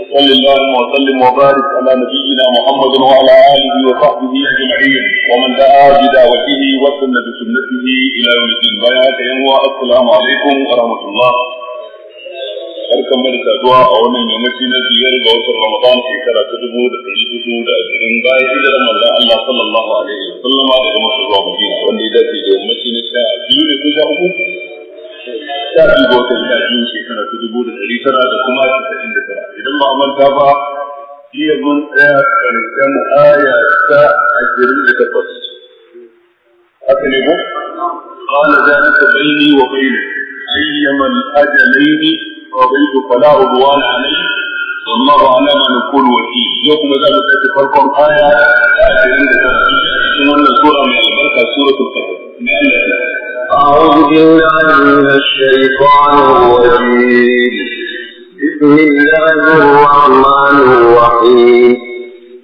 وصل اللهم وسلم وبارك على نبينا محمد وعلى اله وصحبه اجمعين ومن دعا بدعوته وسن بسنته الى يوم الدين بيات السلام عليكم ورحمه الله barkan da saduwa a wannan yammaci na biyar ga watan Ramadan shekara ta dubu da ɗari hudu da ashirin bayan hijirar Allah sallallahu alaihi wa sallama Madina wanda ya dace da yammaci na sha biyu da sha ta fi ga wata sha biyu shekara ta dubu da ɗari tara da kuma casa'in da tara idan ba a manta ba jiya mun tsaya ƙarshen aya ta ashirin da takwas haka ne ko قال ذلك بيني وبينك أيما الأجلين رضيت فلا عدوان علي والله على ما نكون وكيل يوم ذلك تفرق آية آية عند ثم أن السورة من البركة سورة الفتح أعوذ بالله من الشيطان الرجيم بسم الله الرحمن الرحيم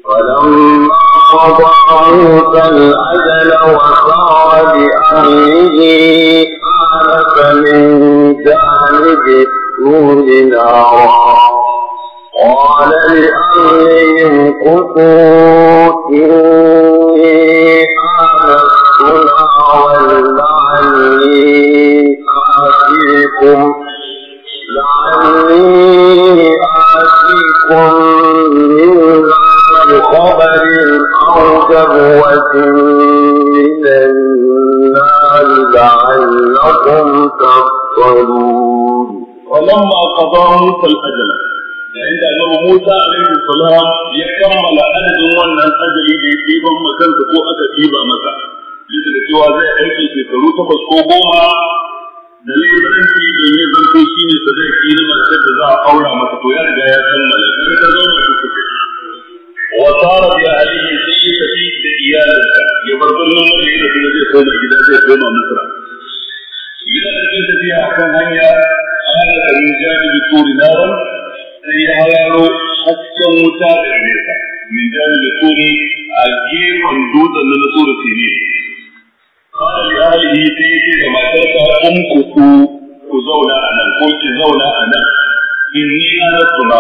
فلما قضى موسى الأجل وسار بأهله آنس من جانب الطول نارا قال لأهلهم قتوا إني عليكم لعلي آتيكم منها بخبر أو جبوة من النار لعلكم تفطرون ولما قضى موسى الأجل عند أنه موسى عليه السلام يكمل أجل من الأجل يجيبا مكانك ko aka ɗiba masa bisa da في zai aiki دليل takwas sadaki na matar da za a aura masa to ya riga ya kammala kuma ta zauna ta kuke wa sara bi ahlihi sai tafi da iyalinsa ya bar kullum wanda yake kuma zai koma gida zai koma masra yana cikin tafiya akan hanya ana kamin jani bi turi naran sai ya hararo hasken wuta daga nesa min jani bi turi a gefen dutsen na tsoro sinin قال لأهله سيدي وما تركها أمكثوا ku zauna a nan ko ki zauna a nan in ni na na suna,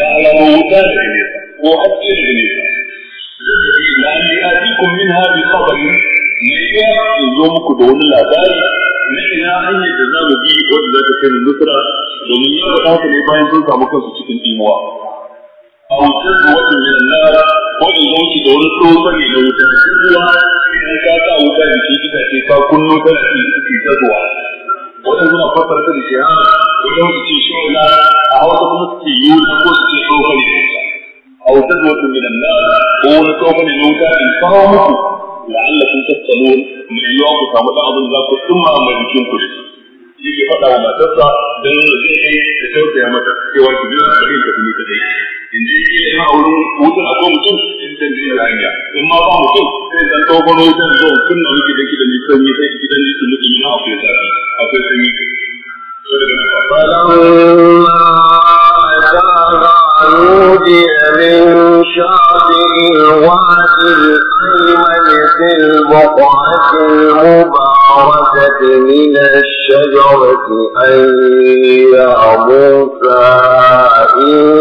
na alamu wuta da ne, ko haske da nesa la ni atikum minha bi khabarin ne ya zo muku da wani labari na ina hanyar da za mu bi wanda za ta kai nusra domin ya faɗa haka ne bayan sun samu kansu cikin imuwa a wutar da wata mai nara ko in zo ki da wani tsofa ne na wutar da ruwa idan ka sa wutar da ke kita ce ka kunno kana ci ta zuwa wadan suna fassara ta da shahara wata wata ce shi ne a wata kuma su yi yuna ko su ce tsohon ne a wata zuwa min Allah ko wani tsohon ne wuta in kawo muku la'allakum tattalun mai yiwa ku samu dan abin za ku tsumma a majikin ku da shi shi ke faɗa wa matarsa don nuna zai da tausaya mata cewa ki jira a ta kuma ta dai in ji kila in auren wutar akwai mutum in san ji da hanya in ma ba mutum sai zan tokon wutar zo tun na muke da mai sanyi sai gidan ji mutum na akwai zafi akwai sanyi نودي من شاطئ الوادي الأيمن في البقعة المباركة من الشجرة أن يا موسى إن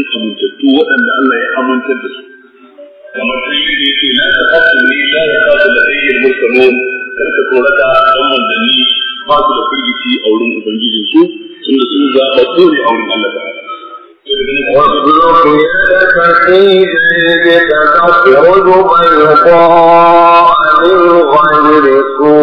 bayi amintattu waɗanda Allah ya amintar da su kamar sai yadda yake na ta kafa ne la ya kafa da ayyar karka manzanni ba su da firgici a wurin ubangijin su sun da sun zaɓa ko a wurin Allah ta'ala واصبر يدك في جيبك تصرد بيضاء من غير سوء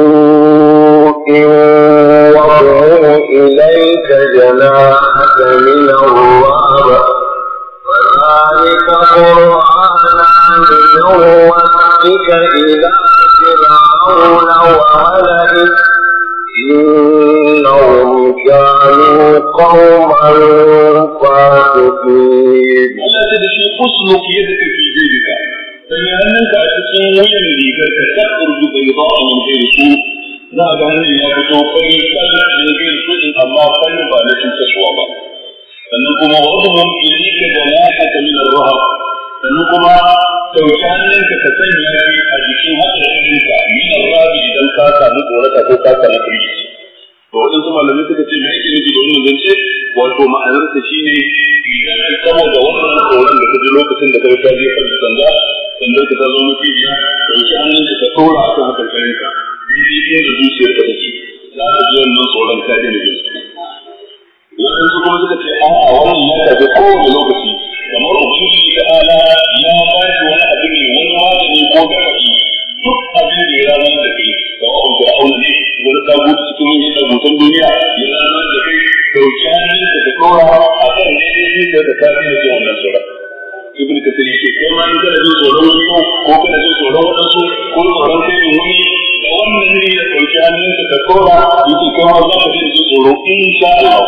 ka tsora yake kai ma za ka fi ji tsoro insha Allah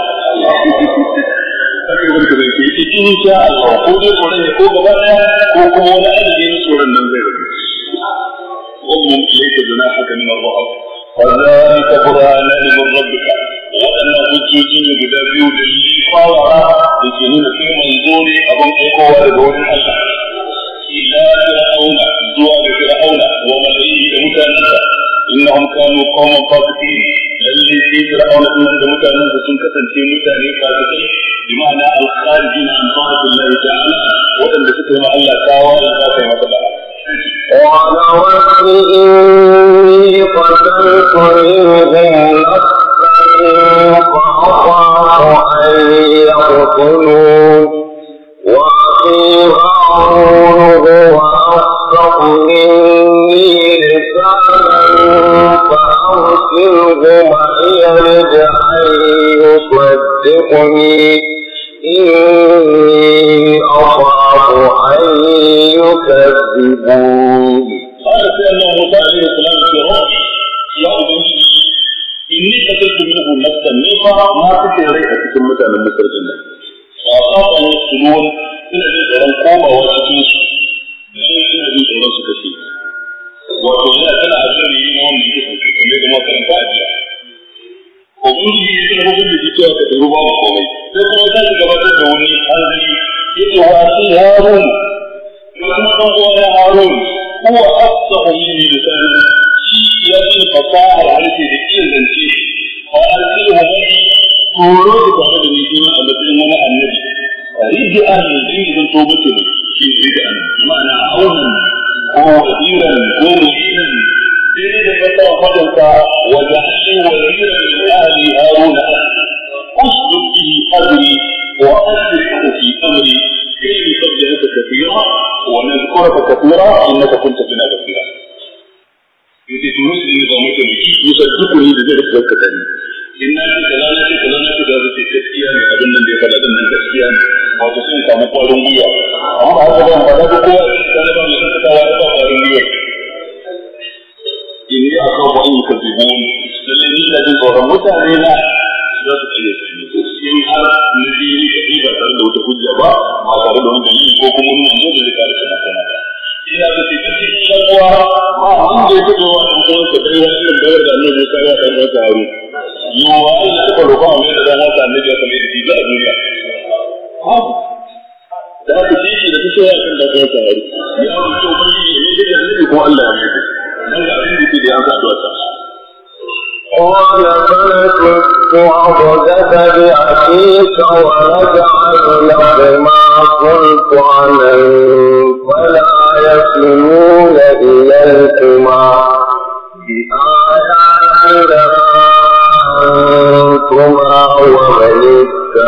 haka zan ka zai ce Allah ko dai tsoron ne ko gaba daya ko kuma wani aiki na tsoron nan zai rabu wannan ilaika zana haka min Allah فذلك قرآن من ربك وأن وجودي بدا بيو دلي فاورا لكي نكون منظوري أبن أيقوى لدور الله إلا فرعون innahum kanu qauman fasiqin lalle sai fir'auna din da mutanen da sun kasance mutane fasiqai bi ma'ana al-kharijina an ta'atillahi ta'ala wadanda suka yi ma Allah tawa da za ta yi masa da'a قال رب إني قتلت منهم نفسا فأخاف أن يقتلون وأخي هارون هو أصدق مني منهم أيرج أن يصدقني إني أخاف أن يكذبون قال سيدنا موسى عليه السلام في رأسي يا أبني إني قتلت منه نفسا نيقا ما تشعر ريحتك مثلا مثل الجنة وأخاف أن يقتلون إن أجل أن قوم وأتكيش إن أجل أن قوم وأتكيش wato yana tana asali yin wannan kisan kamar da makaranta a jiya hukunci ya ce hukun da ke cewa ka taru ba mu komai sai kuma ta ci gabatar da wani arziki ya ce wa shi harun kuma ɗan uwa na harun kuwa afsahu minni lisan shi ya fi fasahar harshe da iya zance fa arsilu hadani turo da tare da ni sunan a matsayin wani annabi ridi ahli jin zan tobe ke da shi ridi وزيرا دون جيل يريد ان يكون خلقا وجعلوا وزيرا من اهل هارون اسجد به قدري واسجد في ne zama ta yi da zai na ce kaza na ce kaza na da zai gaskiya ne wato sun samu kwarin gwiwa amma ba haka ba ba za ku kowa da na ba mai sun kasawa ya sa kwarin gwiwa in yi aka ba in ka bi mun lalle ni da jin tsoron mutane na za su ciye su har na biyu ni ka ba tare da wata hujja ba ba tare da wani dalili ko kuma nuna mu da zai kare kana kana ina da ke cikin shakuwa ba wanda ya fito wa ɗan uwansa bai wa irin bayar da annabi Musa ya ɗan uwansa Harun yawa ta roƙa mai da dan haka annabi ya kamar da shi a duniya da haka shi shi da ta soya kan da ta ta hari ya wuce wani ne ne da annabi ko Allah ya mai dan ga abin da ke da ya sa da ta قال فلتك عضدك بأخيك ونجعل لكما سلطانا فلا يصلون إليكما بآياتنا أنتما ومن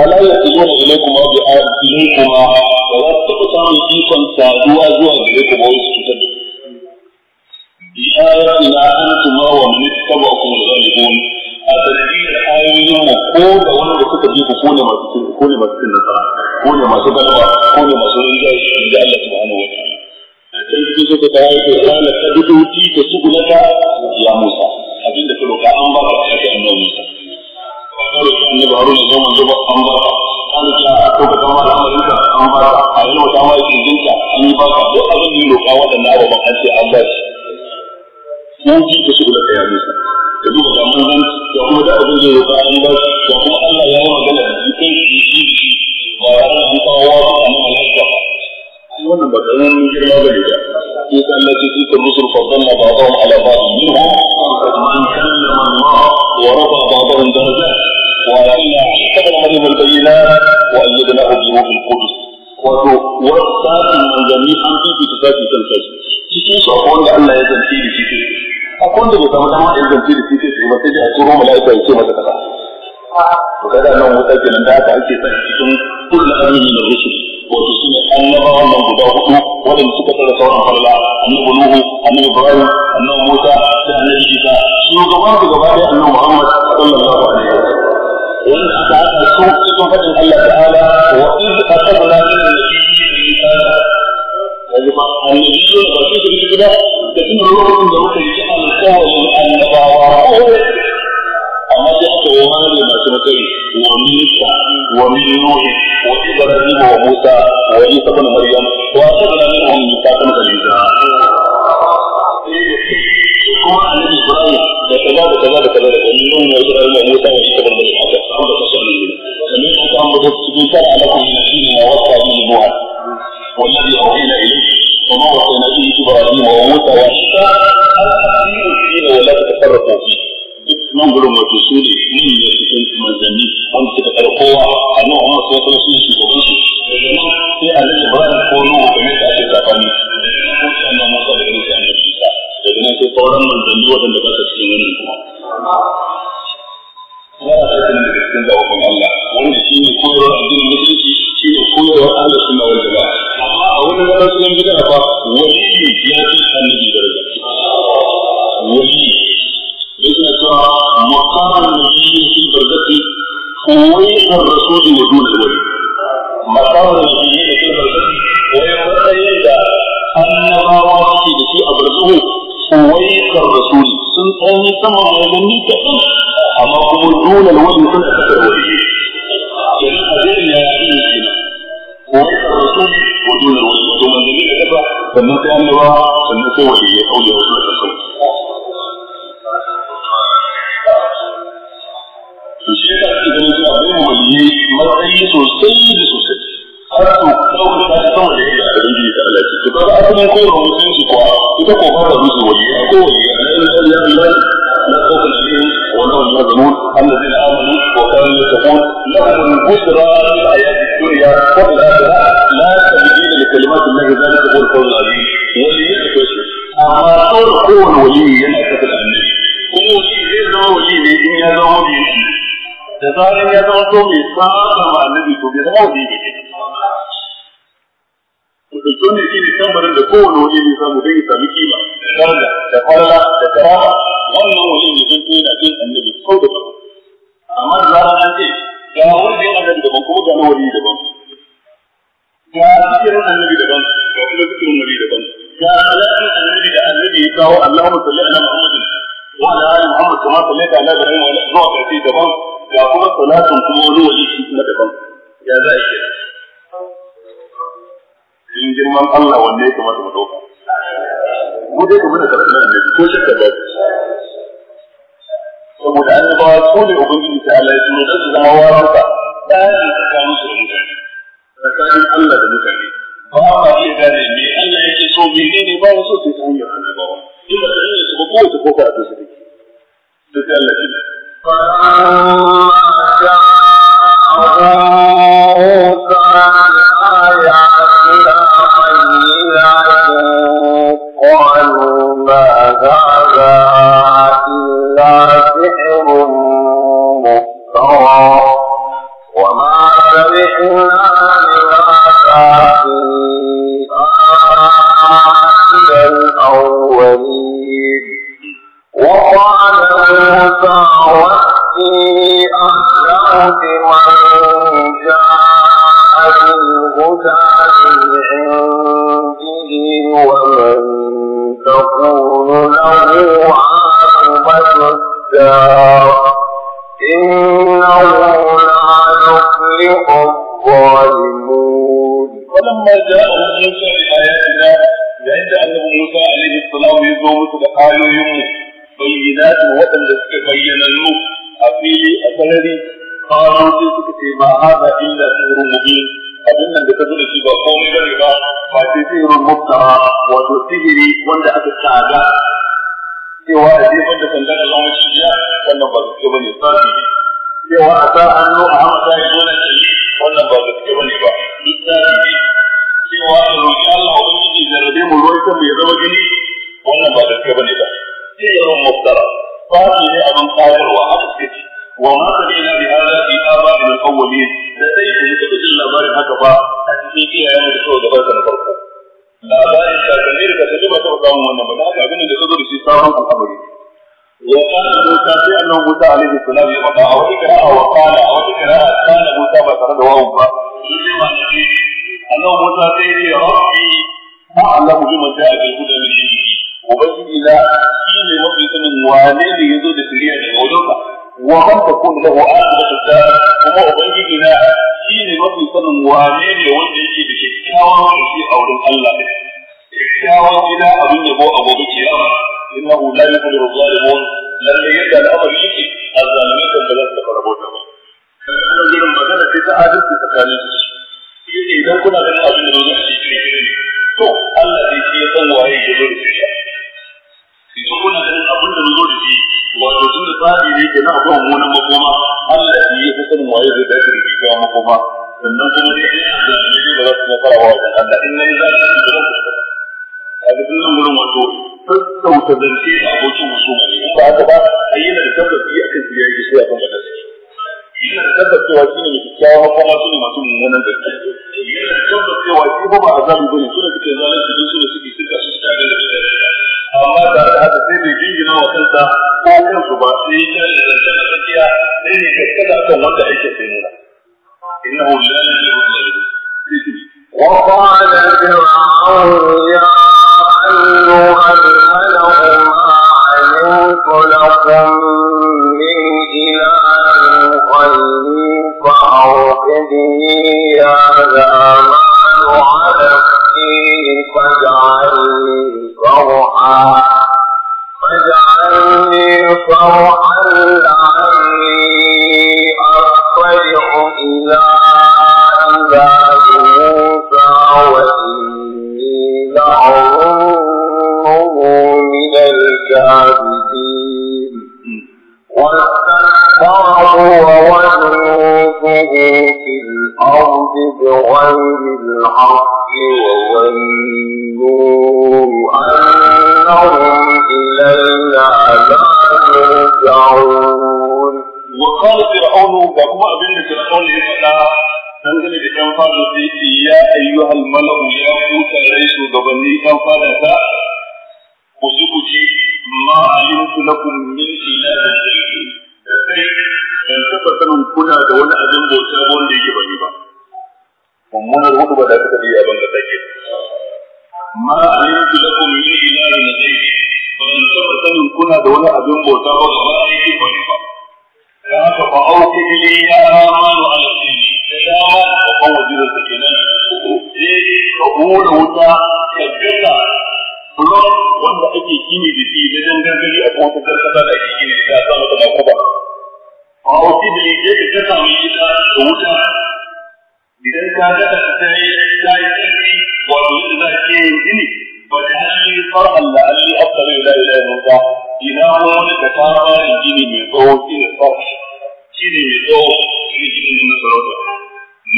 wala ya iluna ilaikuma bi ilaikuma ba za su taɓa samun ikon saduwa zuwa gare ku ba wai ya cutar da ku bi ayatina antuma wa man ittaba'akum al-ghalibun a sanadiyar ayoyin mu ko da wanda suka bi ko ne masu cin ko ne masu cin nasara ko ne masu galaba ko ne masu rinjaye inji Allah subhanahu wa ta'ala a can cikin suka ta yi ko kana ta dudu ti ta sugunata ya Musa abinda ka roka an ba ka ta annabi Musa karo shi annabi haruna idan manzo ba an ba ka kan ta ko ka kama da amarin ka an ba ka a yau ta mai cikin ka an yi ba ka duk abin da roƙa wadannan abu ban ce an ba shi sun ji ka shigo da kai ne ka duba ga manzon ya kuma da abin da roƙa an ba shi ya kuma Allah ya yi magana da shi kan shi shi shi ba ya ran an kawo wa an malaka an wannan ba garin girma ba ne ba ko kan lati tilka rusul faddalna ba'dahum ala ba'd minhum man kallama Allah wa rafa ba'dahum darajat وأتينا عيسى بن مريم البينات وأيدناه بروح القدس wato wani manzanni an fifi ta tafi kan kai cikin su akwai wanda Allah ya zance da shi akwai wanda bai samu dama ya zance da shi ba sai dai a turo mala'ika ya ce masa kaza to kada nan wuta kenan da aka ake tsaya cikin kullu amini da rusul wato shi ne annabawan nan guda hudu waɗanda suka tsara sauran farla annabi nuhu annabi ibrahim annabi musa da annabi isa shugaban su gaba da annabi muhammad sallallahu alaihi wasallam wanda aka haɗa Allah ta'ala wa in akhadna kuma da kaza da kaza da kaza da kaza mun yi da Allah Musa ya da kaman da haka an ba su ne sannan wannan shi ne tambarin da kowane waje ne samu don ya sami kima da daraja da falala da karama wannan waje ne don yana jin annabi sau da kafa amma da zarar an ce ga wanda ya annabi daban kuma ga na waje daban ga zikirin annabi daban ga kuma zikirin waje daban ga alaƙin annabi da annabi ya kawo Allahumma salli ala Muhammadin wa ala ali Muhammad kama sallaita ala Ibrahim wa ala zuwa ƙarfi daban ga kuma salatun kuma wani waje shi kuma daban ya za a yi cikin girman Allah wanne ya kamata mu dauka mu dai kamar da karatu na annabi ko shakka ba saboda annabawa ko ne ubangiji ta Allah ya tuno da su zama waraka tsari tsakanin su da mutane tsakanin Allah da mutane ba ma iya gane me Allah yake so menene ba wasu sai ta hanyar annabawa in ba hanyar su ba ko ta kofa ta su take sai ta Allah ya فلما جاء هذا إلا سحر سمعنا لهذا في الأولين وقال موسى ربي أهلا بما له عاقبة الدار إنه لا يفلح الظالمون فلما جاء موسى بآياتنا عند أنه موسى عليه السلام يزوم سبحانه يوم بينات وطن لسك بين النور أفيلي أسلري قالوا تلك ما هذا إلا سحر مبين abin nan da ta zuba shi ba komai bane ba ba sai sihirin muftara wato sihiri wanda aka tsaga cewa da zai da sandar Allah mace cikiya? wannan ba gaske bane sabi ne cewa a sa hannu a Hama ya yi na ce wannan ba gaske bane ba duk sabi ne cewa a roƙi Allah a wani ne jarrabe mu ruwan kan mai zama gini wannan ba gaske bane ba sai ya zama muftara sabi ne abin kawarwa a gaske ce wa ma ta ina bi hada fi aba da kawwali da sai ku yi jin labarin haka ba a cikin iyayen da suka gabata na farko labarin kakanni da kakanni ba su kawo wannan ba da haka abin da ka zo da shi sabon al'amari wa kana Musa sai annabi Musa alaihi salam ya faɗa a wata kira'a wa kana a wata kira'a kana Musa ba tare da wawan ba sai ma ne annabi Musa sai ya ce rabbi a'lamu bima ja'a bil huda min indi ubangiji na shi ne mafi sanin wane ne ya zo da shari'a daga wa man takun lahu aqibatu dar kuma ubangiji na shi ne mafi sanin wane ne wanda yake da kyakkyawan rufi a wurin Allah ne kyakkyawan gida abin yabo a gobe kiyama innahu la yuflihu zalimun lalle yadda al'amari yake azzalimi kan ba za su ba kuma gurin magana sai ta adalci tsakanin su yake idan kuna ganin abin da zo a cikin ne to Allah waye ya kuna zo da shi wato tun da tsari ne ke na abu mummunan makoma Allah ya yi hukumin waye zai dace da kyakkyawa makoma sannan kuma ne ina da ne da wasu makara wa wajen Allah in nayi zai yi da wasu a ga nan wurin wato sassauta zance da abokin wasu ne ba haka ba A ayyana da tabbaci akan su yayi sai akan bada su yana da tabbacewa shi ne mai kyakkyawa makoma su ne masu mummunan zance yana da tabbacewa shi ba ba azabi bane su ne suke zalunci don su ne suke suka su tare da mutane amma tare da haka sai bai jingina wa kansa ba kan su ba sai ya da zanta na tsakiya sai ne kaskata kan wanda ake sai nuna kibli je ka kasa mai ita da wuta idan ka ga ta yi ta yi tsari wato yadda za ka yi gini ba ta shi farhan da alli afdal ila ila nuka ina wani ka ta fara gini mai tsawo shi ne farshi shi ne mai tsawo shi ne gini na sarauta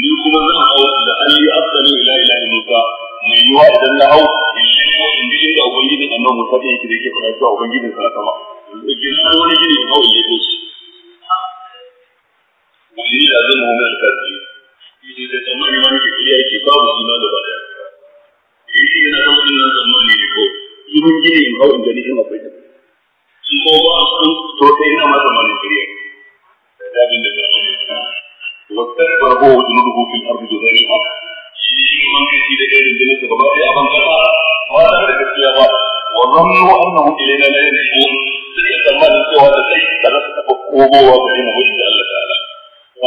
ni kuma zan hau da alli afdal ila ila nuka mai yiwa idan na hau in yi ko in bi inda ubangijin annabi musa ɗin yake da yake fara cewa ubangijin sa sama. Gina wani gini mai tsawo in yi ko shi. يعلمه من الكافرين إذا إذا تمام ما نجي إليه كتاب الإيمان لبعض إذا إذا تمام إلا تمام لكوي يمكن جيني إن هو إن جاني إما بيجب سيكون بعض أن توتينا ما تمام لكريه لابن نبي واستكبر هو جنوده في الأرض بغير الحق شيء من كثير غير الجنة فبقي أبان كفار وهذا كده كثير وظنوا أنهم إلينا لا يرجعون sai ya tsammanin cewa da sai da za su taɓa komowa gare na mushi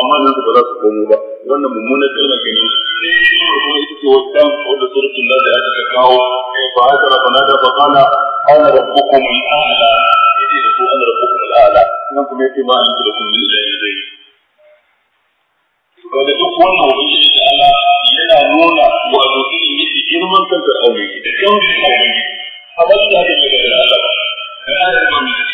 amma nan ba za su komo ba wannan mummunan kalma ke nan kuma ita ce wata wadda surutun da ya ta kawo ba eh, haka rafa na da bakala ana rabbukum al'ala yace da su ana rabbukum al'ala nan kuma yace ma an da kun yi da zai ba da duk wannan wani da ala yana nuna wa azuki ne girman kanka aure da kan da aure a ba amma da ke da Allah da Allah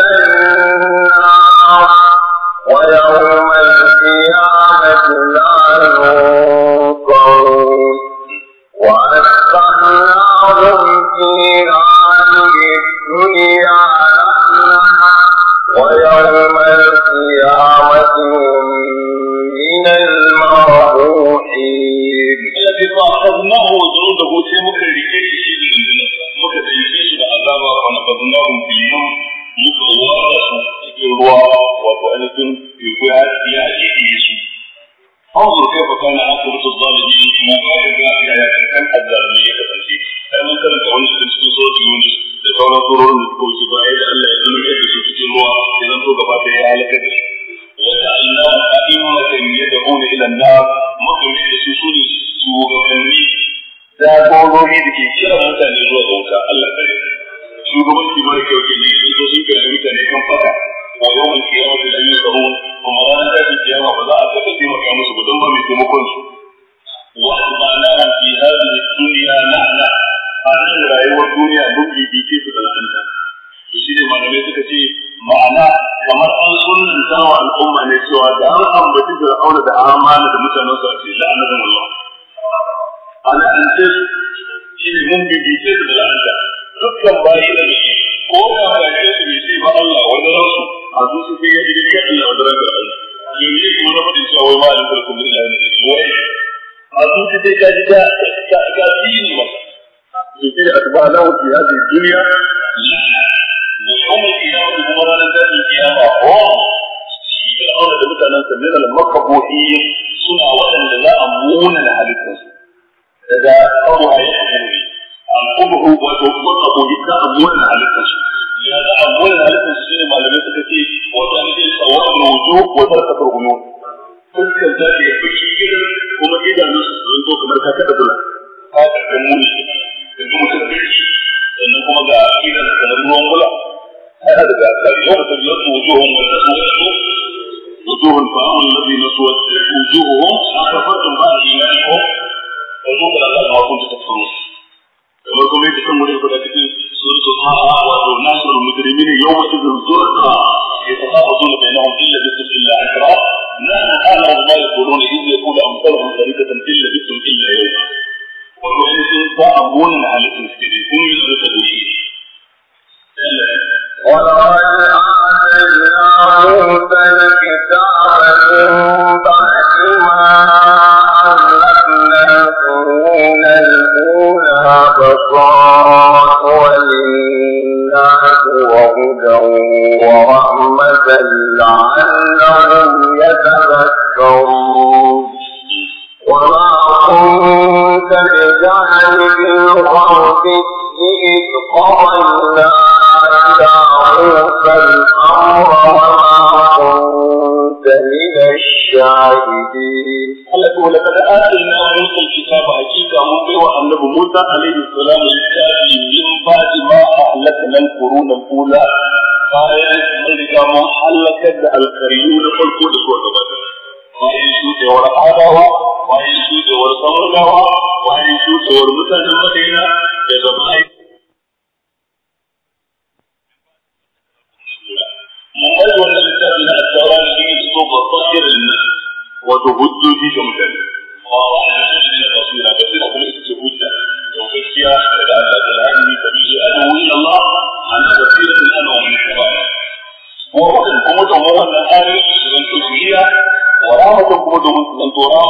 wato kuma aboki ta amuna da halittar shi ya da amuna da halittar shi ne malamai suka ce wato ne sawabul wujuh wa tarkatul ghuyub আমাকে wato hujjoji ga mutane ba wa ana shi ne basira da kuma kuma ita ce hujja to gaskiya da Allah da rahimi da bi ana wani Allah ana basira da ana wani ba ko wannan kuma da wannan ayoyi da zan tukiya wa rahmatan kuma da wannan tora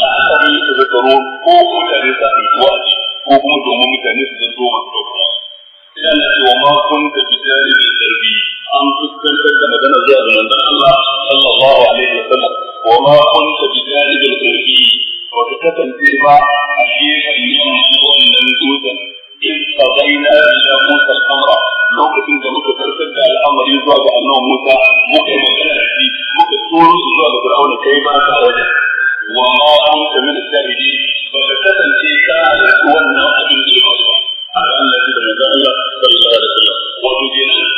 la ta'lamu tadhkurun ko mutane da tuwa ko kuma domin mutane su zanto masu dauka yana cewa ma kun ka bidani da karbi an fuskantar da magana zuwa ga manzon Allah sallallahu alaihi wasallam وما كنت بجانب الغربي وبقتل فيما عجيبا من قوم ممدودا إذ قضينا إلى موسى الأمر لوقت إن موسى ترتد على الأمر يزوى بأنه موسى مقيم في ممكن تقول يزوى بفرعون كيف أخرج وما أنت من الشاهدين وبقتل فيك على قوة نوع من الغربي على أن الذي بمزال الله صلى الله عليه وسلم وجدنا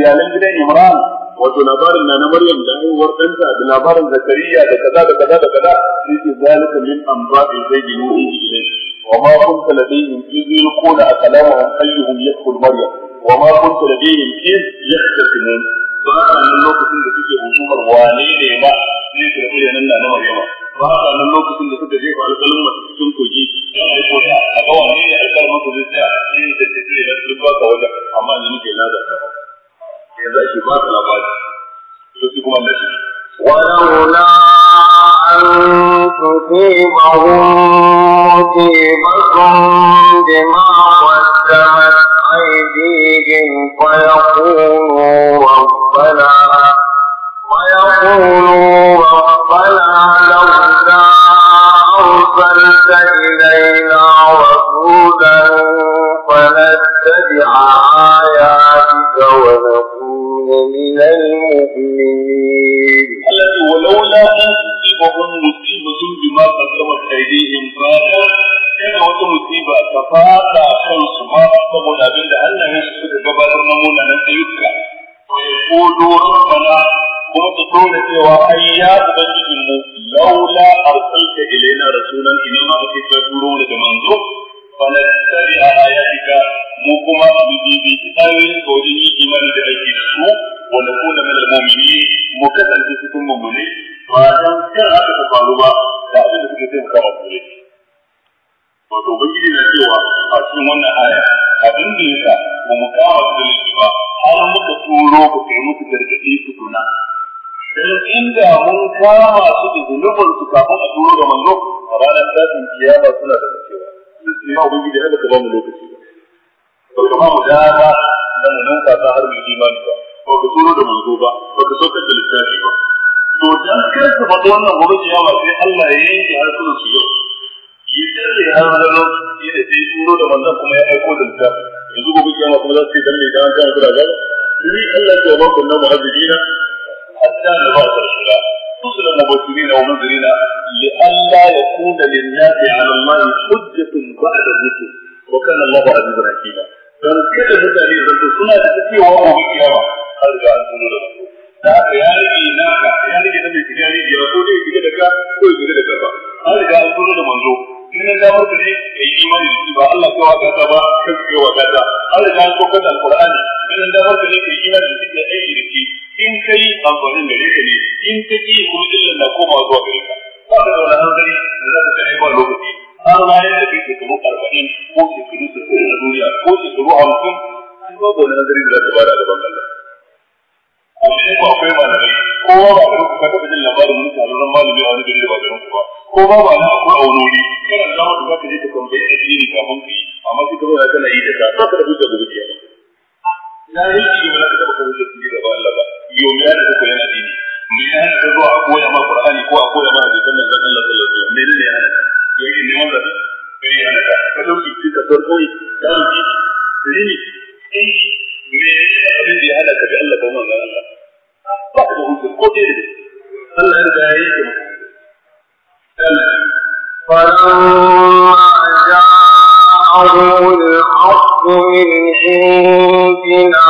iyalan gidan Imran wato labarin na na Maryam da haihuwar ɗanta da labarin Zakariya da kaza da kaza da kaza sai ce zalika min amba'i zaydi nuhi ilayhi wa ma kunta ladayhim iz yulquna akalamahum ayyuhum yakful Maryam wa ma kunta ladayhim iz yahtasimun ba a nan lokacin da suke husumar wane ne ma zai karɓi yanan na na Maryam ba a nan lokacin da suka jefa alƙalin masu cikin kogi da aiko ta a ga wane ne alƙalin masu zai tsaya shi ne da ke zai da duk ba ka wajen amma ni nake na da yanzu ake ba su labari to su kuma Allah shi ولولا أن تصيبهم مصيبة بما قدمت أيديهم فيقولوا ربنا فيقولوا ربنا لولا أرسلت إلينا رسولا فنتبع آياتك ونقول ومن المؤمنين التي ولولا أن تصيبهم مصيبة بما قدمت أيديهم فاتا كان wata musiba ta fada kansu ma saboda abin da Allah ya shi suka munanan ayyuka to ya kodo rabbana kuma su dole cewa ai ya ubangijin mu laula arsalta ilaina rasulan ina manzo فنتبع آياتك مكما بإيمان قوله إيمان بأيدي رسول ونكون من المؤمنين مكتن في كتب مؤمنين فأنا كان هذا تقالبا تعبير في كتب wato ubangiji na cewa a cikin wannan aya abin da yasa ba mu kama su da laifi ba har muka turo ku kai musu gargaɗi su tuna dan inda mun kama su da zunubin su kafin a turo da manzo a ranar tashin kiyama suna da ya ubangiji haka ka ba mu lokaci ba ka ba mu dama da mu nan ka har mu imani ba ba ka tsoro da manzo ba ba ka saukar da littafi ba to dan kar ba faɗi wannan gobe kiyama sai Allah ya yanke har su su yau yi sirri har wani lokaci da sai turo da manzon kuma ya aiko da littafi yanzu gobe kiyama kuma za su yi dan mai dan kan kira ga ni Allah ya ba ku nan muhabbina hatta da ba ta shiga رسلا مبشرين ومنذرين لئلا يكون للناس على الله حجة بعد الرسل وكان الله عزيزا حكيما dan kada mutane zanto suna da wa gobe kiyama har ga an tuno da mutum da aka ya rage na ka ya rage na mai shiga ne ko dai shiga da ka ko ya shiga da ka ba har ga an tuno da manzo in na damar da ne ka yi imani da ba Allah ba wa har ga an kokata alqur'ani in damar ne ka yi imani da shi ya aiki da in kai amfani da ka ne in ka ki kuma illan na koma zuwa gare ka ba da zaune da hanzari da za ka kai ba lokaci har ma ya tafi kuma karfafin ko ke kudu su sittin na duniya ko ke shekaru hamsin zo da wani hanzari da za ka bada a gaban Allah. a cikin ko akwai ba da rai ko ba ba ka ka taɓa jin labarin wani taron malami wani gari da ba garin ku ko ba ba na akwai aunori kana da zama da za ka je ka tambayi addini kafin ka yi amma sai ka zauna kana yi da ka ba ka da hujja gobe kiyama. Na yi shi ne ba ka taɓa kan hujja su yi gaba Allah ba. yomi ana da koyan addini me ya hana zuwa a koya ma qur'ani ko a koya ma hadisan nan zan Allah sallallahu alaihi wasallam me ne ya hana ka yoyi ne wanda me ya hana ka ka dauki shi ka bar koyi ka dauki rini in me ya abin da ya hana ka bi Allah ko manzon Allah ba ku hujja ko dai Allah ya riga ya yi ki فلما جاءهم الحق من عندنا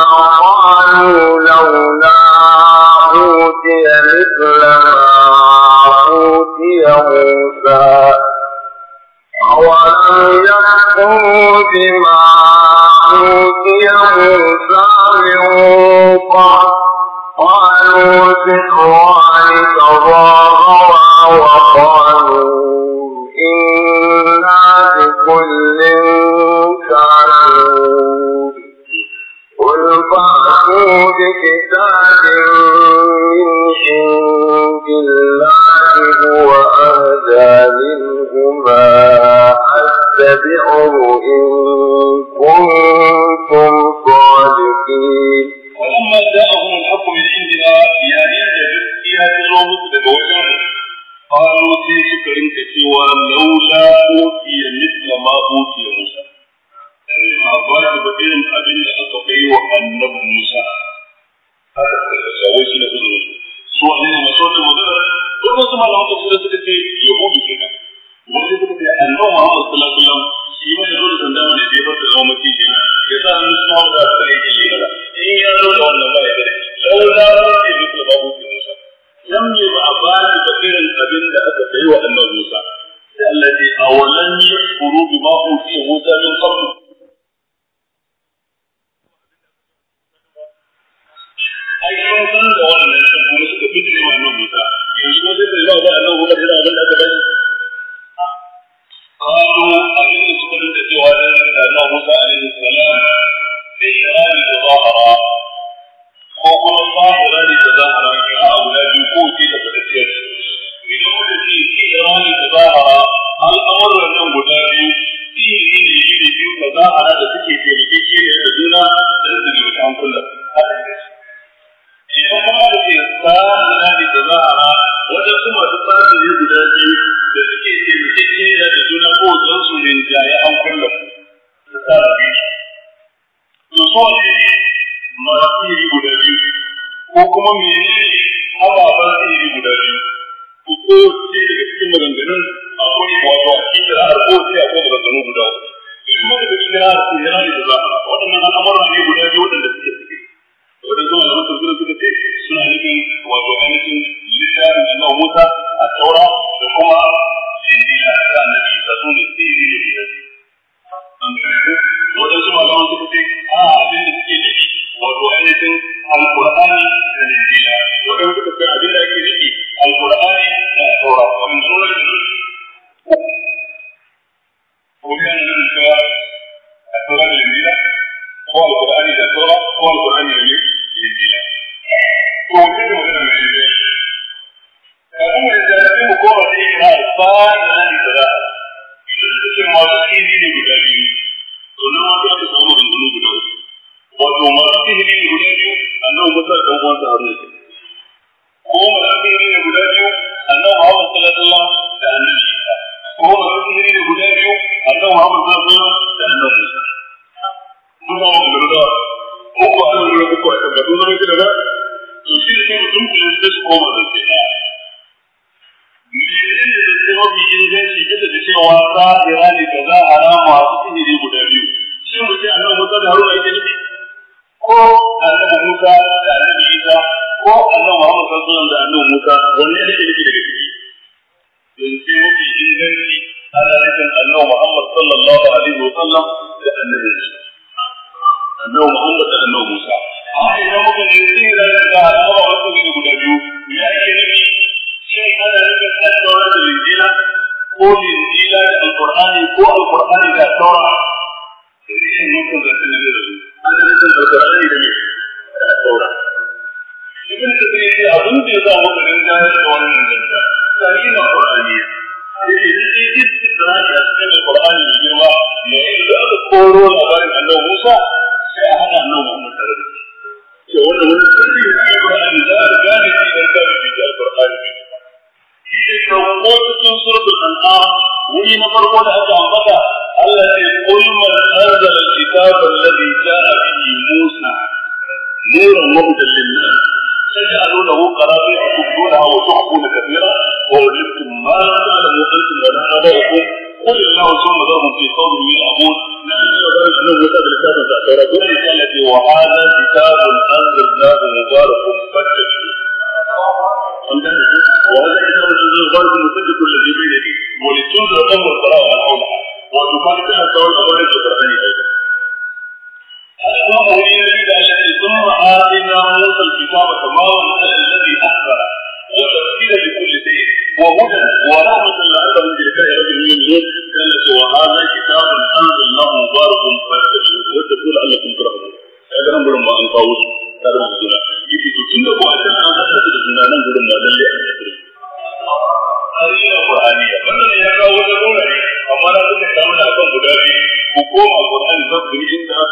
Rasulullah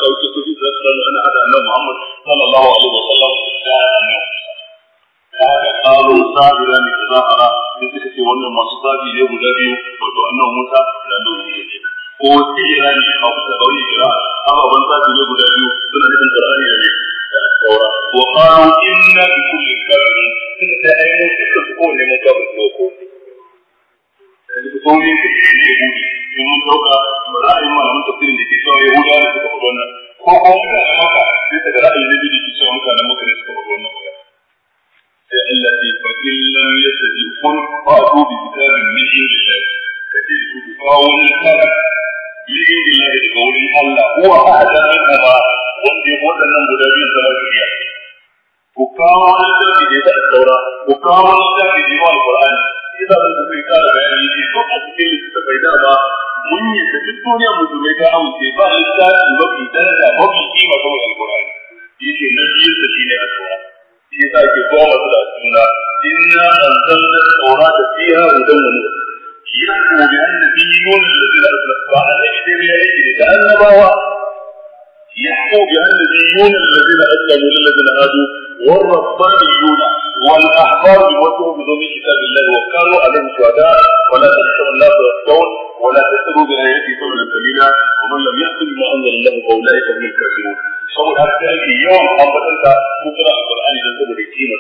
أو كتبه ذكرا وأن هذا أن محمد صلى الله عليه وسلم جاء أنه قالوا سابرا لتظاهر لتلك وأن مصطابي له الذي وأنه موسى لأنه يجب ko tsira ne a wata ɗauri kira ababen sati ne guda biyu suna nufin ƙarfi ne da saura wa qalu inna bi kulli kafirin sun da ayyuka suka fi kowane mun kafir ko ko ko ne ke ne yahudi mun dauka ba za a yi malamin tafsirin da ke cewa yahudawa ne suka faɗi wannan ko kuma mutanen maka bisa ga ra'ayi na biyu da ke cewa mutanen maka ne suka faɗi wannan magana sai Allah ya fa illa ya taji kun fa ku bi kitabin min inda kace ku ku kawo wani kana min inda daga wurin Allah huwa ahada min ma wanda ya wadannan guda biyu zama shari'a ku kawo wani tafi da ya taura ku kawo wani tafi da yawan Qur'ani idan kun kai kana bayani ne ko a cikin littafai da ba mun yi da duk duniyar musulmai ta amince ba littafi mafi daraja mafi kima ta mai alkur'ani yake na biyu da shine a tsora shi yasa ke kowa masu da suna inna anzalna tsora da fiha hudan wa nur yaqulu bi anna fi yunus alladhi la yusrafu alayhi bi yadihi da annabawa يحكوا بأن ديون الذين أسلموا للذين هادوا والربانيون والأحبار بموته بدون كتاب الله وقالوا على شهداء ولا تستروا الله ويخشون ولا تستروا بآياتي ثمنا سبيلا ومن لم يقل ما أنزل الله فأولئك هم الكافرون سوى هذا اليوم أم بدلت مقرا القرآن إذا انتبه لكيمة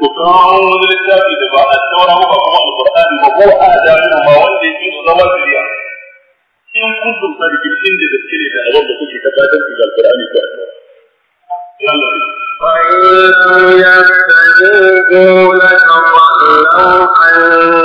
وقالوا من الكتاب إذا بأت سورة مقرأ القرآن وهو هذا منه ما وجه في صدوات الرياء إن كنتم تلك الإنجة تذكري في أول بكل كتابات إذا القرآن يتبه لكيمة فإن النجوم لتضلوا عن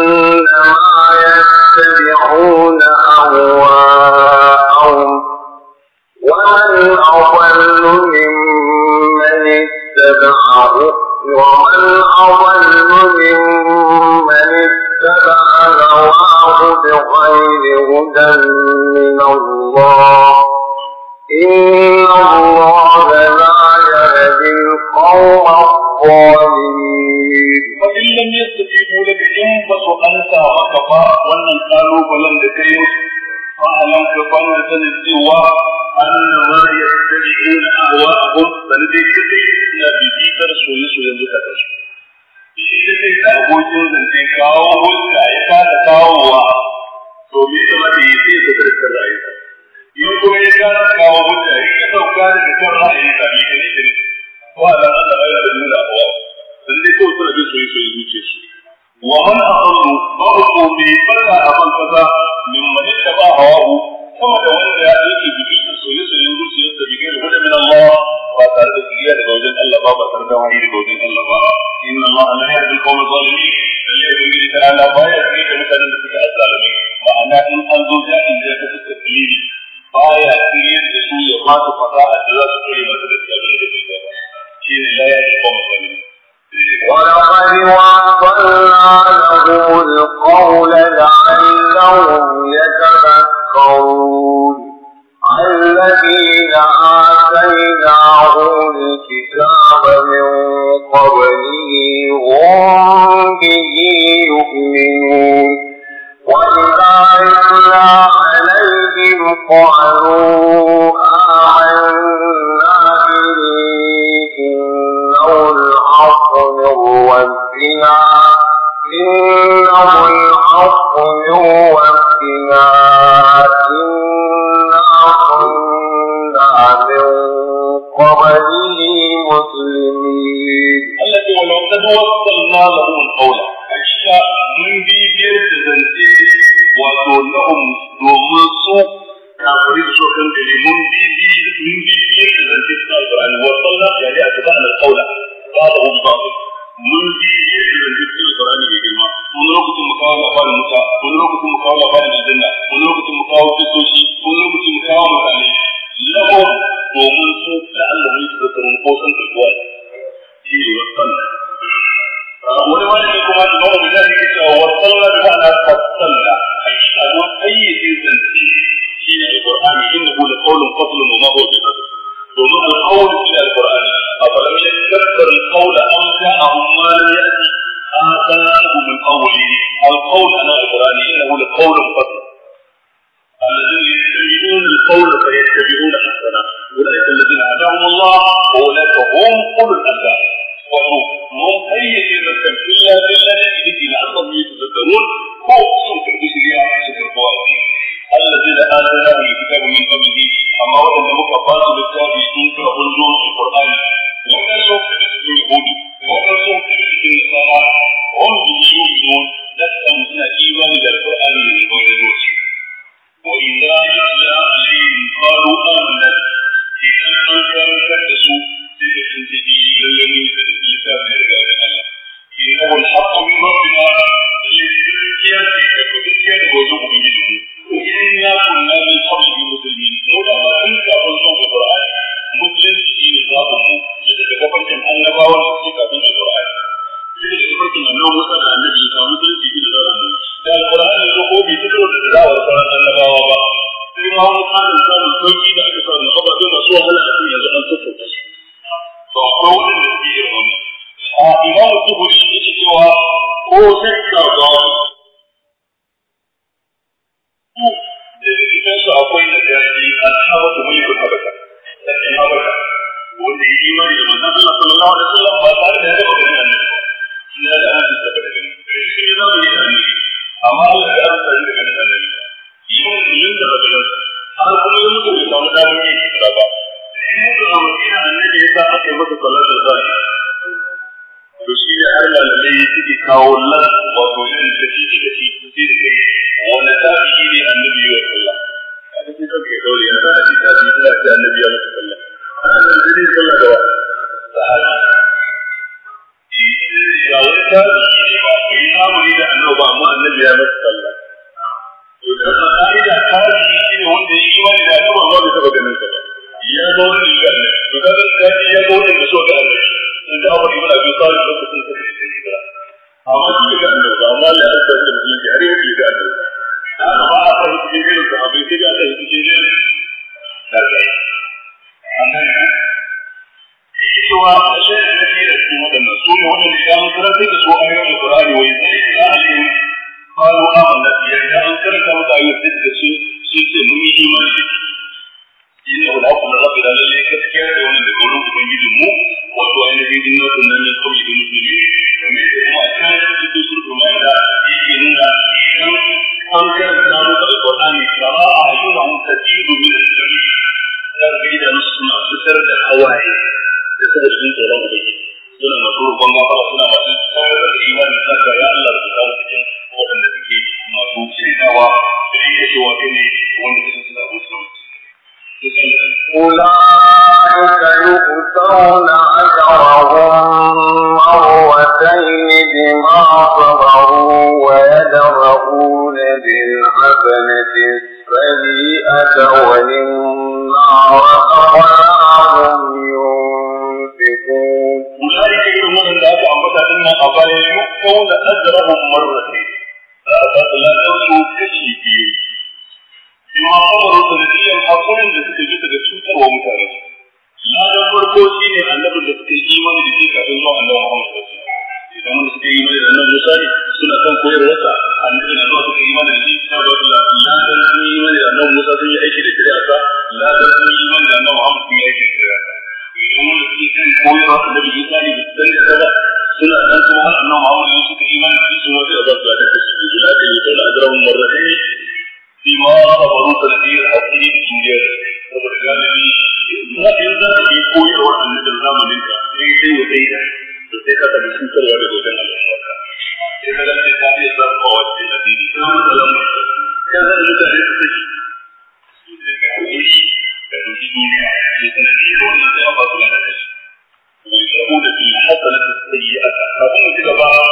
عليهم قالوا littafi daga wajen Allah innahu al ce inna kunna min qablihi kamar da kuma a cikin cikin surkun da yake nuna idan an karanta musu da idan suna fitar da hawaye kafin mu ci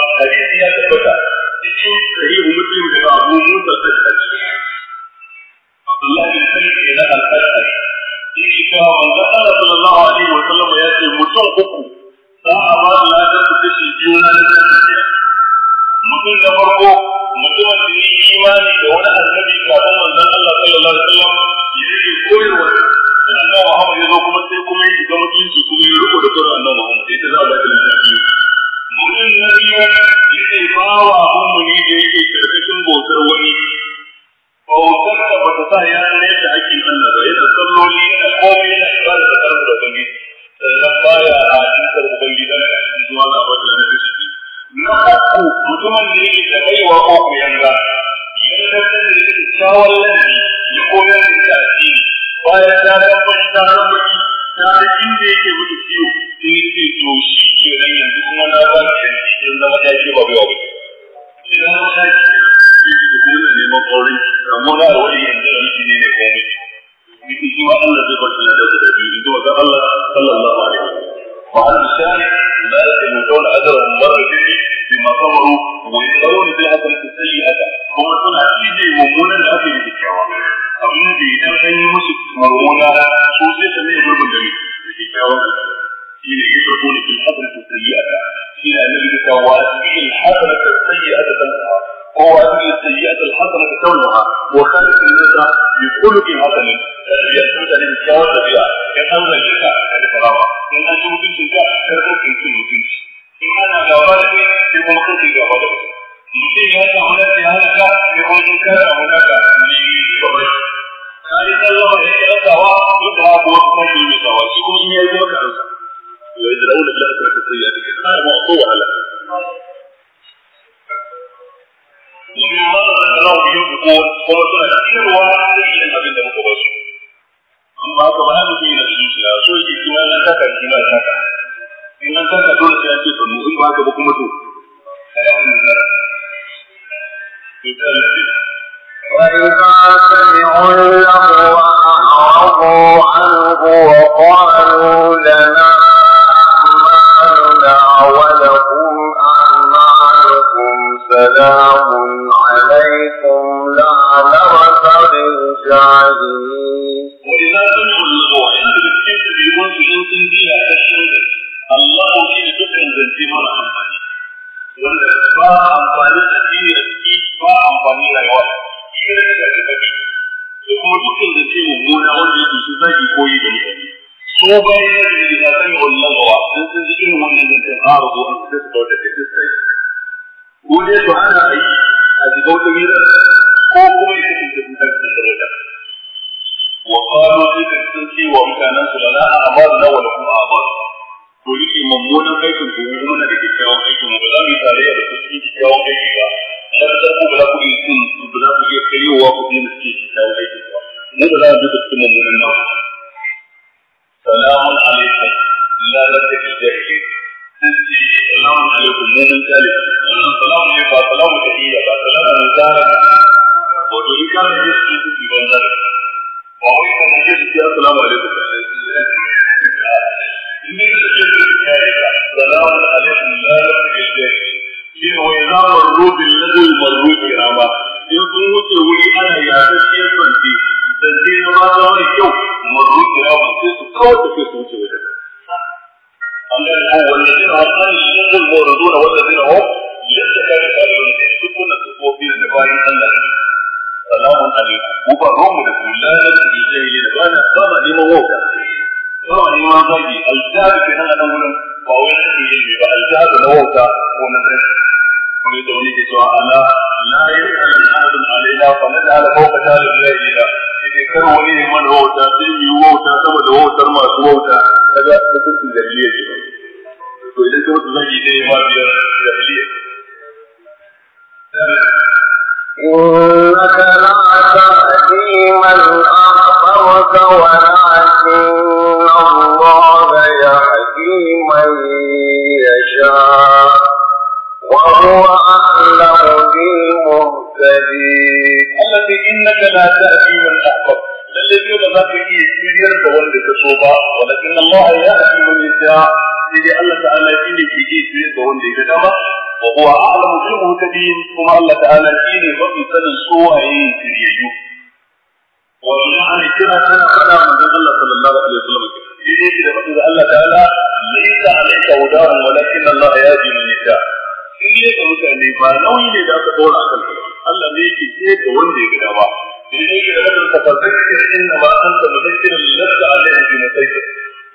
ya yi maka ansa wa yadrauna bil akhirati sayyi'ati har ma ko wahala ومما رأوا ينفقون هم سنة أكثرها إلى أبن دمك بسو أما كما نبي نفسنا سوى جيكما نتاكا جيما نتاكا إن نتاكا دون سيأتي فنو إن باك بكمتو أيام الله يتالي وإذا سمعوا اللغو أعرضوا عنه وقالوا لنا أعمالنا ولكم أعمالكم سلام عليكم لا نرتد الجاهلين وإذا سمعوا اللغو عند الكتاب يقول في أنتم بها تشهد الله في دكان ذنبي مرحبا wanda ba amfani da shi ba amfani da yawa da kuma dukkan da ce mummuna wanda yake shi zaki koyi da mutane su bayan da ke da sanya wannan gawa don sun ji irin wannan da ta fara ko an fita da wata ta sai ko dai to ana yi a shiga wata mira ko kuma ya kasance sun san da wata wa qalu sai sun ce wa mutanen su lana a'malu na wa lakum a'malu to yake mummunan aikin da yana da kyakkyawan aikin ba za mu yi tarayya da kuskure kyakkyawan aiki ba sharadar ku ba za ku iya cin ba za ku iya karyowa ku dina suke shi kayan aikin ba mu ba za mu duka cikin mummunan nan salamun alaikum la nafsi jahili sun ce salamun alaikum mun salamun ne ba salamun da iya ba salamun zara wato in kana yin su su ban zara ba wai kan mu yin su assalamu alaikum in ne su ka salamun alaikum la nafsi shi ne wai za mu rubi ladin marru kira ba in sun wuce wuri ana yadacciyar kwanci zance na ba za mu kyau marru kira ba sai su kawai tafi su wuce wajen an gane ko wanda ne a kan shi sun mora zuwa wanda zai hau yadda ka da kare wani kai duk wannan su kofi da bayan Allah salamun alaikum ko ba ruwan da kula da su jahili da ba na ba na neman wauta ba na neman zagi aljabi kenan a nan wurin ba wai na ilimi ba aljabi na wauta ko na zai da wani ke cewa ala la yasalan ahadun alaina fa naj'al fawqa ta'ala lillahi ila kar wani ne mana wauta sai yi wauta saboda wautar masu wauta kaga hukuncin jahiliya ce to idan ka mutu zaki dai ma biyar jahiliya إنك لا تهدي من أحببت ولكن الله يهدي من يشاء وهو المهتدين الذي إنك لا تأتي من أحببت الذي بذاك يجير بولد كسوبا ولكن الله يأتي من يشاء إذا الله تعالى يجير يجير بولد كسوبا وهو أعلم بالمهتدين ثم الله تعالى يجير وفي سنة في يجير ومن أن كنا كنا كنا من الله صلى الله عليه وسلم يجير إذا الله تعالى ليس عليك هداهم ولكن الله يأتي من يشاء tsire da mutane ba nauyi ne da aka dora kan Allah ne yake ce da wanda ya gida ba idan yake da kan ka fadakir inna ma anta mudakkir laka alaihi bi mudakkir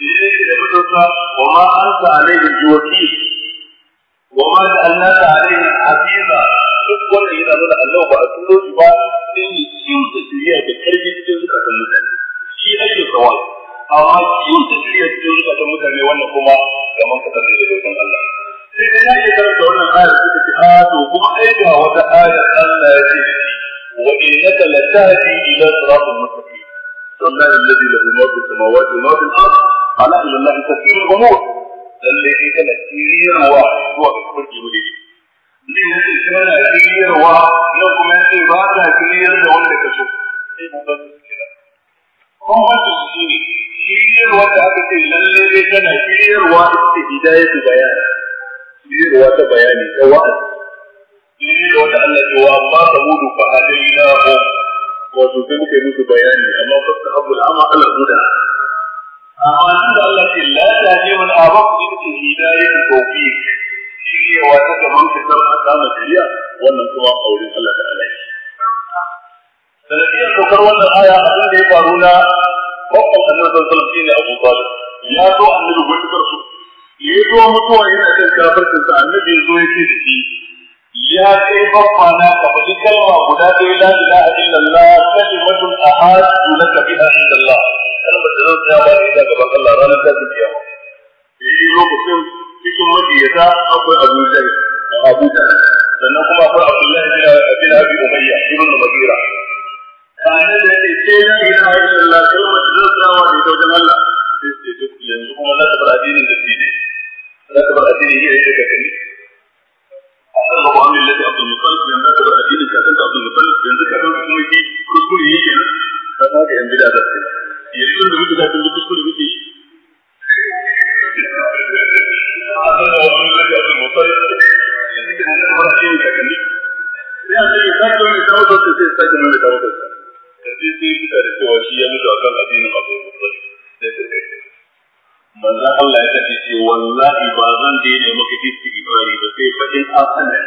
idan yake da mutunta wa ma anta alaihi bi wakil wa ma ja'alnaka alaihi hafiza duk wanda yana nuna Allah ba a turo shi ba sai ne cikin tsiriya da karfi cikin zukatan mutane shi ake tsawon amma cikin tsiriya cikin zukatan mutane wannan kuma gaman kasar da zai Allah sai dai na iya karanta wannan ayar suka ce a to kuma aika wata ayar Allah ya ce wa innaka latahdi ila siratal mustaqim sallallahu alladhi lahu ma fi samawati wa ma fi al-ard ala ila Allah tafsir al-umur lalle kai kana tiyarwa zuwa ga kuma jibril ne ne sai kana tiyarwa na kuma sai ba ka tiyar da wanda ka so sai mu ba su kira kuma wannan shi ne tiyarwa da aka ce lalle kai kana tiyarwa ita hidayatu bayani shiryarwa ta bayani ta wa'azi shiryarwa ta Allah ce wa amma samudu fa alaina hum wato sai muka yi musu bayani amma fa sahabul amma ala huda amma nan da Allah ce la ta je man abaq yake hidayatu tawfiq shiryarwa ta gaban ka san a samu shiriya wannan kuma auren Allah ta alai sanadiyar kokar wannan aya abin da ya faru na babban annabi sallallahu alaihi wasallam shine Abu Talib ya zo annabi gurbin su ya yi zuwa mutuwa yana kan kafircin sa annabi ya zo ya ce da shi ya kai babba na ka faɗi kalma guda ɗaya la ilaha illallah kalimatun ahadu laka biha illallah kalmar da zan tsaya ba da ita gaban Allah ranar ta ta tashin kiyama yi lokacin cikin mabiyata akwai abu jai da abu da sannan kuma akwai abdullahi bin abin abi umayya ibn mugira kana da ke ce la ilaha illallah kalmar da zan tsaya ba da ita wajen Allah sai ce yanzu kuma na tabar addinin da shi ne ألا تبر أديني هي هي كتني أصل ربعام الذي عبد المطلب لأن ألا تبر أديني كتنت عبد المطلب لأن ذكر كتنت كنوي كي كسكولي هي كنا Ya ce, "Ya ce, ya ce, ya ce, ya ce, ya ce, ya ce, ya ce, ya ce, ya ce, ya ce, ya ce, ya ce, ya ce, ya ce, ce, ya ce, ya ce, ya ce, ya ce, ya ce, ya ce, ya ce, ya ce, ya manzon Allah ya tafi ce wallahi ba zan daina maka istighfari ba sai fa in asana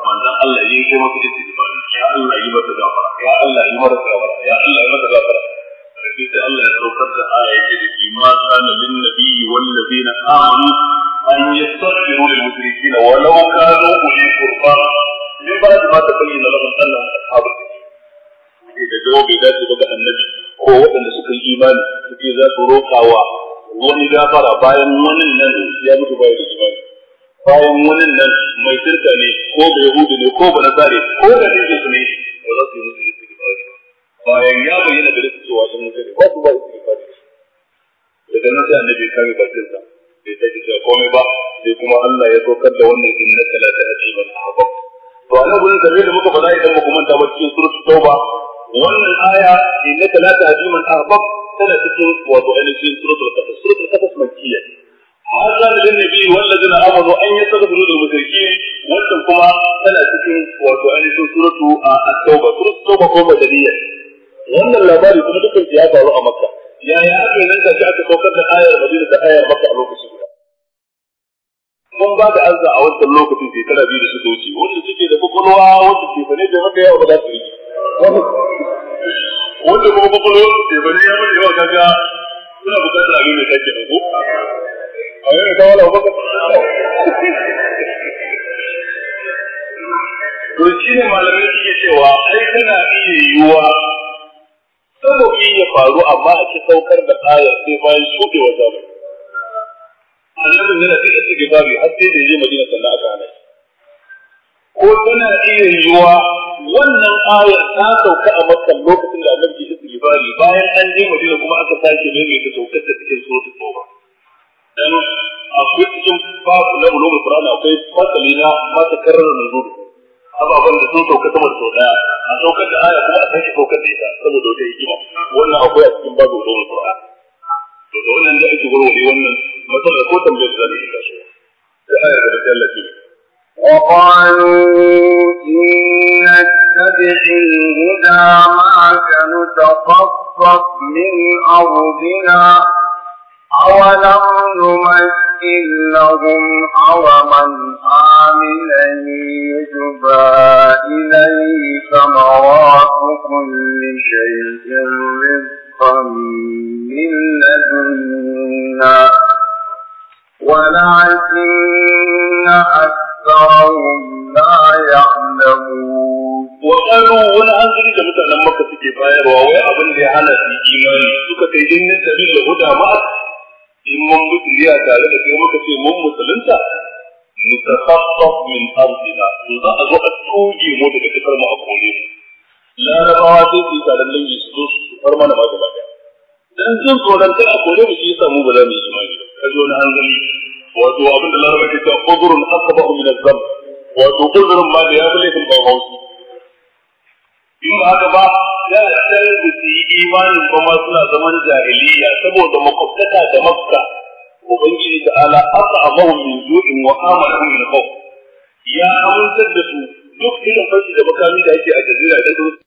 manzon Allah yi ko maka istighfari ya Allah yi maka gafara ya Allah yi maka gafara ya Allah yi maka gafara sai sai Allah ya saukar da aya yake da ki ma kana lin nabiyyi wal ladina amanu an yastaghfiru lil mushrikeena walau kanu uli qurba min ba'd ma tabayyana lahum annahum ashabul jahim da jawabi da ba ga annabi ko waɗanda suka yi imani suke za su roƙawa wani gafara bayan wani nan ya mutu bayan da jima'i bayan wani nan mai shirka ne ko bai hudu ne ko ba na tsare ko da dinka su ne ba za su yi musu istighfari bayan ya bayyana da su cewa sun mutu ne ba su ba istighfari daga nan sai annabi ya kame bakin sa bai sake cewa komai ba sai kuma Allah ya saukar da wannan innaka la tahdi man ahbab to annabi ne kamar da muka faɗa idan muka manta ba cikin suratul tauba wannan aya innaka la tahdi man ahbab tana cikin wato ainihin suratul qasas suratul qasas makkiya ma kana lin nabi wal ladina amanu an yi yastaghfiru lil mushrikeen wannan kuma tana cikin wato ainihin suratu at-tauba suratul tauba ko madaniya wannan labari kuma dukkan ya faru a makka yaya aka yi nan take aka saukar da ayar madina da ayar makka a lokacin guda mun ba da arza a wancan lokacin shekara biyu da su wuce wanda suke da kwakwalwa wanda ke fane da maka yawa ba za su wanda kuma kwakwalwar su ba ne ya mace yawa kaga suna bukatar abin da take da ko a yana kawo da baka to shi ne malamai suke cewa ai tana iya yiwuwa saboda ya faru amma a ci saukar da ayar sai bayan shuɗewar zamani annabin yana cikin cikin babu har sai da ya je madina sannan aka hana ko tana iya yiwuwa wannan ayar ta sauka a makka lokacin da annabi ya istighfari bayan an je madina kuma aka sake ne mai ta saukar da cikin suratul tauba dan akwai cikin babu na ulumul qur'an akwai fasali na mata karrar nuzul ababan da sun sauka sama da sau daya a saukar da aya kuma a sake saukar da ita saboda wata hikima wannan akwai a cikin babu ulumul qur'an to da wannan da ake warware wannan matsalar ko tambayar da za ta yi kasuwa da aya da ta tallafi وقالوا إن نتبع الهدى معك نتخطف من أرضنا أولم نمثل لهم حرما آمنا يجبى إليه ثمرات كل شيء رزقا من لدنا ولكن أكثر أكثرهم لا يعلمون وقالوا وانا أنزلي جمعت أن أمك سكي باير ووي أبن لحنا في إيماني سوك تيجن نسبي لهدى معك إن من بطل يا تعالى لكي أمك في من مسلمتا نتخطف من أرضنا وضع أزوء التوجي مدى كتر ما أقولين لا نبعا تيجي تعالى لن يسدوس فرما نبعا تبعا dan jin tsoron kar a kore mu shi yasa mu ba za mu yi imani ba kaji wani hanzari wato abinda laraba ke cewa uzurun haka ba az zan wato uzurin ma da ya fi laifin mai haushi in ba haka ba ya san da su yi imanin ba ma suna zaman jahiliya saboda makwabtaka da mafka, ubangiji ta ala a amahu min zuɗin wa amara min khawf ya amintar da su duk irin fashi da makami da ake a jazira da